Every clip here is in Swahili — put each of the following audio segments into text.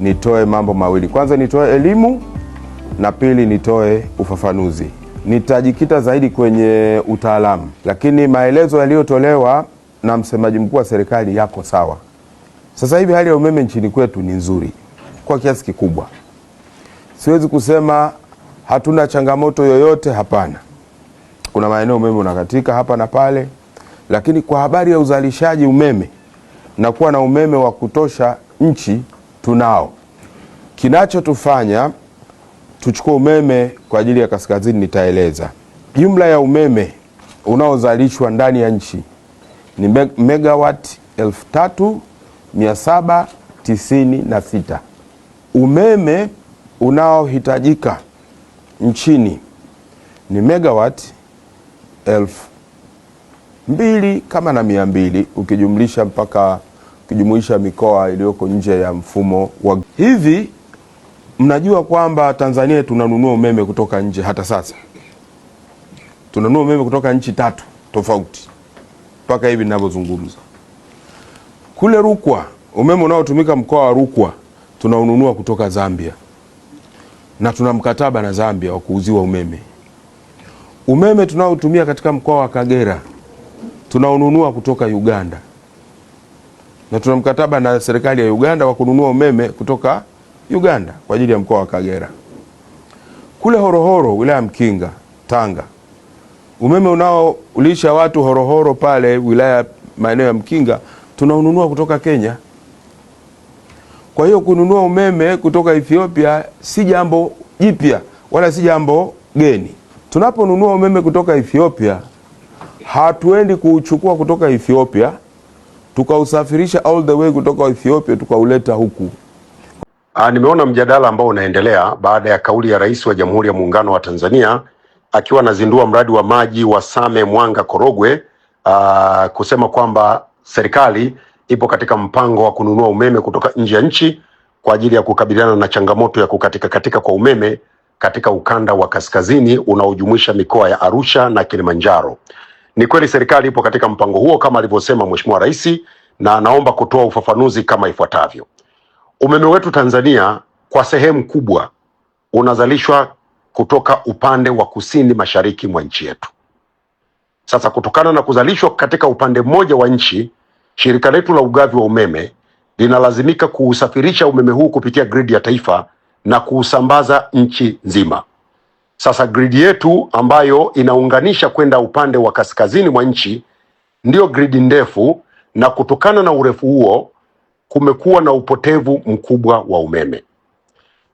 nitoe mambo mawili. Kwanza nitoe elimu na pili nitoe ufafanuzi. Nitajikita zaidi kwenye utaalamu, lakini maelezo yaliyotolewa na msemaji mkuu wa serikali yako sawa. Sasa hivi hali ya umeme nchini kwetu ni nzuri kwa kiasi kikubwa. Siwezi kusema hatuna changamoto yoyote, hapana. Kuna maeneo umeme unakatika hapa na pale, lakini kwa habari ya uzalishaji umeme na kuwa na umeme wa kutosha nchi tunao. Kinachotufanya tuchukue umeme kwa ajili ya kaskazini, nitaeleza jumla ya umeme unaozalishwa ndani ya nchi ni megawati sita. Umeme unaohitajika nchini ni megawati elfu mbili kama na mia mbili ukijumlisha mpaka kijumuisha mikoa iliyoko nje ya mfumo wa hivi. Mnajua kwamba Tanzania tunanunua umeme kutoka nje, hata sasa tunanunua umeme kutoka nchi tatu tofauti mpaka hivi ninavyozungumza. Kule Rukwa, umeme unaotumika mkoa wa Rukwa tunaununua kutoka Zambia na tuna mkataba na Zambia wa kuuziwa umeme. Umeme tunaotumia katika mkoa wa Kagera tunaununua kutoka Uganda na tuna mkataba na serikali ya Uganda wa kununua umeme kutoka Uganda kwa ajili ya mkoa wa Kagera. Kule Horohoro, wilaya Mkinga, Tanga, umeme unaolisha watu Horohoro pale wilaya maeneo ya Mkinga tunaununua kutoka Kenya. Kwa hiyo kununua umeme kutoka Ethiopia si jambo jipya wala si jambo geni. Tunaponunua umeme kutoka Ethiopia, hatuendi kuuchukua kutoka Ethiopia tukausafirisha all the way kutoka Ethiopia tukauleta huku. Aa, ah, nimeona mjadala ambao unaendelea baada ya kauli ya Rais wa Jamhuri ya Muungano wa Tanzania akiwa anazindua mradi wa maji wa Same Mwanga Korogwe, aa, ah, kusema kwamba serikali ipo katika mpango wa kununua umeme kutoka nje ya nchi kwa ajili ya kukabiliana na changamoto ya kukatika katika kwa umeme katika ukanda wa kaskazini unaojumuisha mikoa ya Arusha na Kilimanjaro. Ni kweli serikali ipo katika mpango huo kama alivyosema Mheshimiwa Rais, na anaomba kutoa ufafanuzi kama ifuatavyo. Umeme wetu Tanzania kwa sehemu kubwa unazalishwa kutoka upande wa kusini mashariki mwa nchi yetu. Sasa kutokana na kuzalishwa katika upande mmoja wa nchi, shirika letu la ugavi wa umeme linalazimika kuusafirisha umeme huu kupitia gridi ya taifa na kuusambaza nchi nzima. Sasa gridi yetu ambayo inaunganisha kwenda upande wa kaskazini mwa nchi ndiyo gridi ndefu, na kutokana na urefu huo kumekuwa na upotevu mkubwa wa umeme.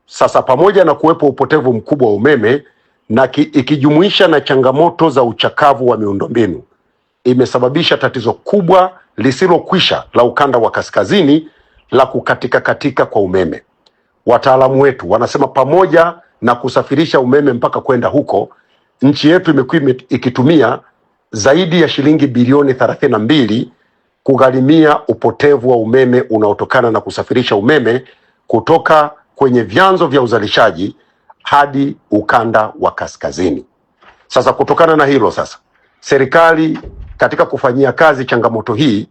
Sasa pamoja na kuwepo upotevu mkubwa wa umeme na ki, ikijumuisha na changamoto za uchakavu wa miundombinu imesababisha tatizo kubwa lisilokwisha la ukanda wa kaskazini la kukatika katika kwa umeme. Wataalamu wetu wanasema pamoja na kusafirisha umeme mpaka kwenda huko, nchi yetu imekuwa ikitumia zaidi ya shilingi bilioni thelathini na mbili kugharimia upotevu wa umeme unaotokana na kusafirisha umeme kutoka kwenye vyanzo vya uzalishaji hadi ukanda wa kaskazini. Sasa kutokana na hilo sasa, serikali katika kufanyia kazi changamoto hii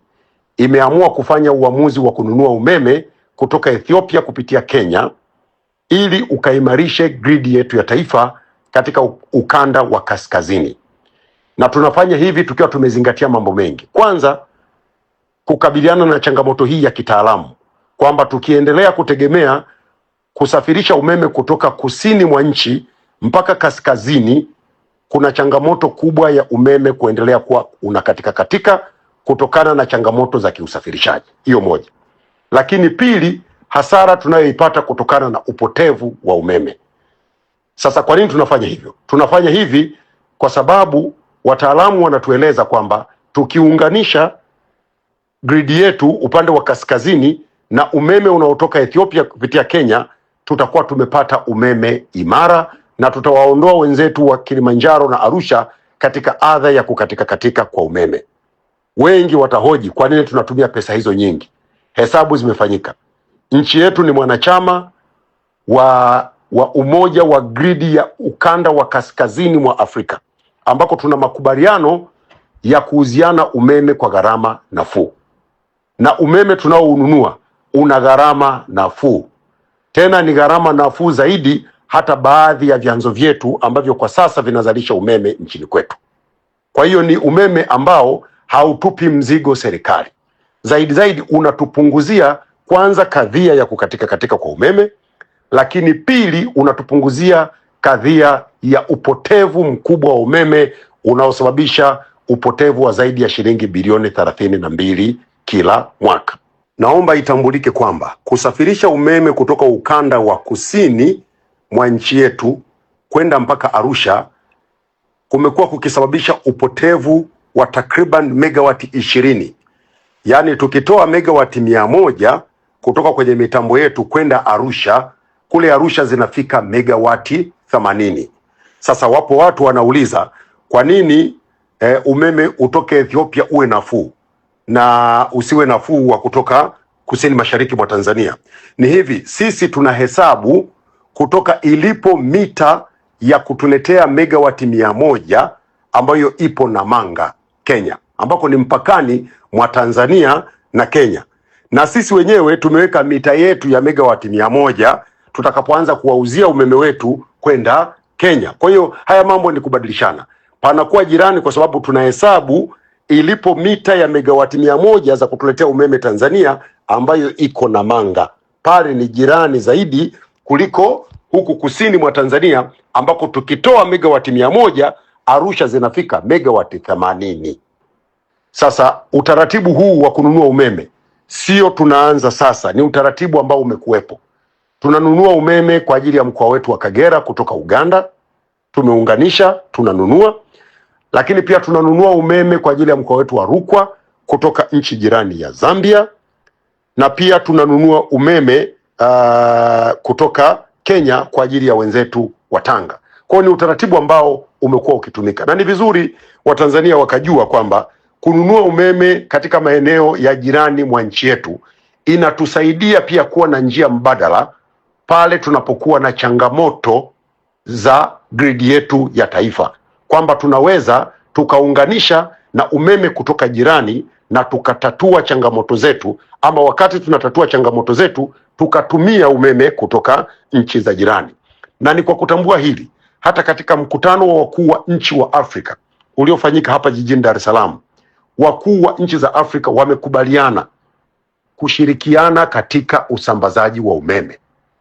imeamua kufanya uamuzi wa kununua umeme kutoka Ethiopia kupitia Kenya ili ukaimarishe gridi yetu ya taifa katika ukanda wa kaskazini, na tunafanya hivi tukiwa tumezingatia mambo mengi. Kwanza, kukabiliana na changamoto hii ya kitaalamu kwamba tukiendelea kutegemea kusafirisha umeme kutoka kusini mwa nchi mpaka kaskazini, kuna changamoto kubwa ya umeme kuendelea kuwa unakatika katika kutokana na changamoto za kiusafirishaji. Hiyo moja, lakini pili hasara tunayoipata kutokana na upotevu wa umeme. Sasa kwa nini tunafanya hivyo? Tunafanya hivi kwa sababu wataalamu wanatueleza kwamba tukiunganisha gridi yetu upande wa kaskazini na umeme unaotoka Ethiopia kupitia Kenya, tutakuwa tumepata umeme imara na tutawaondoa wenzetu wa Kilimanjaro na Arusha katika adha ya kukatika katika kwa umeme. Wengi watahoji kwa nini tunatumia pesa hizo nyingi. Hesabu zimefanyika. Nchi yetu ni mwanachama wa wa umoja wa gridi ya ukanda wa kaskazini mwa Afrika ambako tuna makubaliano ya kuuziana umeme kwa gharama nafuu, na umeme tunaoununua una gharama nafuu, tena ni gharama nafuu zaidi hata baadhi ya vyanzo vyetu ambavyo kwa sasa vinazalisha umeme nchini kwetu. Kwa hiyo ni umeme ambao hautupi mzigo serikali, zaidi zaidi unatupunguzia kwanza kadhia ya kukatika katika kwa umeme, lakini pili unatupunguzia kadhia ya upotevu mkubwa wa umeme unaosababisha upotevu wa zaidi ya shilingi bilioni thelathini na mbili kila mwaka. Naomba itambulike kwamba kusafirisha umeme kutoka ukanda wa kusini mwa nchi yetu kwenda mpaka Arusha kumekuwa kukisababisha upotevu wa takriban megawati ishirini, yaani tukitoa megawati mia moja kutoka kwenye mitambo yetu kwenda Arusha. Kule Arusha zinafika megawati thamanini Sasa wapo watu wanauliza kwa nini e, umeme utoke Ethiopia uwe nafuu na usiwe nafuu wa kutoka kusini mashariki mwa Tanzania? Ni hivi, sisi tunahesabu kutoka ilipo mita ya kutuletea megawati mia moja ambayo ipo Namanga, Kenya, ambako ni mpakani mwa Tanzania na Kenya na sisi wenyewe tumeweka mita yetu ya megawati mia moja tutakapoanza kuwauzia umeme wetu kwenda Kenya. Kwa hiyo haya mambo ni kubadilishana, panakuwa jirani, kwa sababu tunahesabu ilipo mita ya megawati mia moja za kutuletea umeme Tanzania ambayo iko Namanga, pale ni jirani zaidi kuliko huku kusini mwa Tanzania ambako tukitoa megawati mia moja Arusha zinafika megawati themanini. Sasa utaratibu huu wa kununua umeme sio tunaanza sasa, ni utaratibu ambao umekuwepo. Tunanunua umeme kwa ajili ya mkoa wetu wa Kagera kutoka Uganda, tumeunganisha tunanunua, lakini pia tunanunua umeme kwa ajili ya mkoa wetu wa Rukwa kutoka nchi jirani ya Zambia, na pia tunanunua umeme uh, kutoka Kenya kwa ajili ya wenzetu wa Tanga. Kwa hiyo ni utaratibu ambao umekuwa ukitumika na ni vizuri Watanzania wakajua kwamba kununua umeme katika maeneo ya jirani mwa nchi yetu inatusaidia pia kuwa na njia mbadala pale tunapokuwa na changamoto za gridi yetu ya taifa, kwamba tunaweza tukaunganisha na umeme kutoka jirani na tukatatua changamoto zetu, ama wakati tunatatua changamoto zetu tukatumia umeme kutoka nchi za jirani. Na ni kwa kutambua hili, hata katika mkutano wa wakuu wa nchi wa Afrika uliofanyika hapa jijini Dar es Salaam wakuu wa nchi za Afrika wamekubaliana kushirikiana katika usambazaji wa umeme.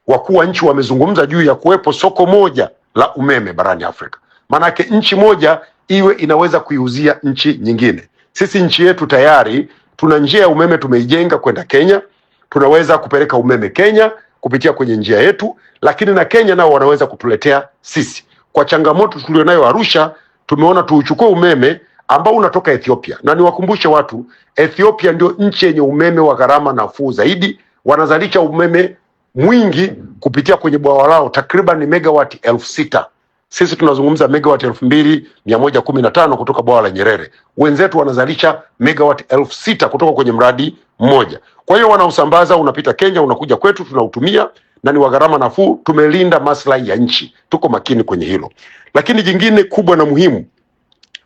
Wakuu wa nchi wamezungumza juu ya kuwepo soko moja la umeme barani Afrika, maanake nchi moja iwe inaweza kuiuzia nchi nyingine. Sisi nchi yetu tayari tuna njia ya umeme tumeijenga kwenda Kenya, tunaweza kupeleka umeme Kenya kupitia kwenye njia yetu, lakini na Kenya nao wanaweza kutuletea sisi. Kwa changamoto tulionayo Arusha, tumeona tuuchukue umeme ambao unatoka Ethiopia. Na niwakumbushe watu, Ethiopia ndio nchi yenye umeme wa gharama nafuu zaidi. Wanazalisha umeme mwingi kupitia kwenye bwawa lao, takriban megawati elfu sita. Sisi tunazungumza megawati elfu mbili mia moja kumi na tano kutoka bwawa la Nyerere. Wenzetu wanazalisha megawati elfu sita kutoka kwenye mradi mmoja. Kwa hiyo wanausambaza, unapita Kenya, unakuja kwetu, tunautumia na ni wa gharama nafuu. Tumelinda maslahi ya nchi, tuko makini kwenye hilo. Lakini jingine kubwa na muhimu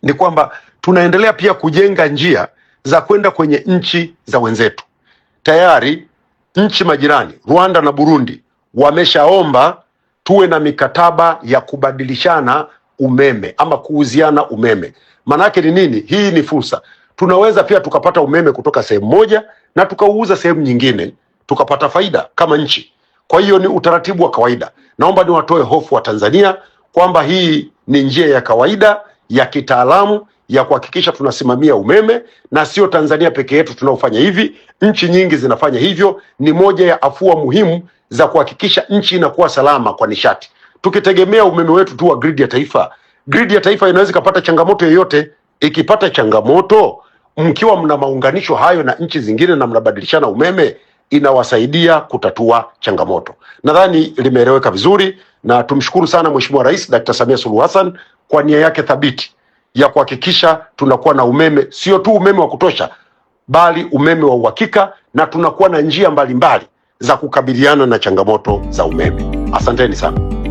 ni kwamba tunaendelea pia kujenga njia za kwenda kwenye nchi za wenzetu. Tayari nchi majirani Rwanda na Burundi wameshaomba tuwe na mikataba ya kubadilishana umeme ama kuuziana umeme. Maanake ni nini? Hii ni fursa, tunaweza pia tukapata umeme kutoka sehemu moja na tukauuza sehemu nyingine tukapata faida kama nchi. Kwa hiyo ni utaratibu wa kawaida. Naomba niwatoe hofu wa Tanzania kwamba hii ni njia ya kawaida ya kitaalamu ya kuhakikisha tunasimamia umeme, na sio Tanzania peke yetu tunaofanya hivi, nchi nyingi zinafanya hivyo. Ni moja ya afua muhimu za kuhakikisha nchi inakuwa salama kwa nishati. Tukitegemea umeme wetu tu wa gridi ya taifa, gridi ya taifa inaweza ikapata changamoto yoyote. Ikipata changamoto, mkiwa mna maunganisho hayo na nchi zingine na mnabadilishana umeme, inawasaidia kutatua changamoto. Nadhani limeeleweka vizuri, na tumshukuru sana Mheshimiwa Rais Dr. Samia Suluhu Hassan kwa nia yake thabiti ya kuhakikisha tunakuwa na umeme, sio tu umeme wa kutosha, bali umeme wa uhakika, na tunakuwa na njia mbalimbali mbali za kukabiliana na changamoto za umeme. Asanteni sana.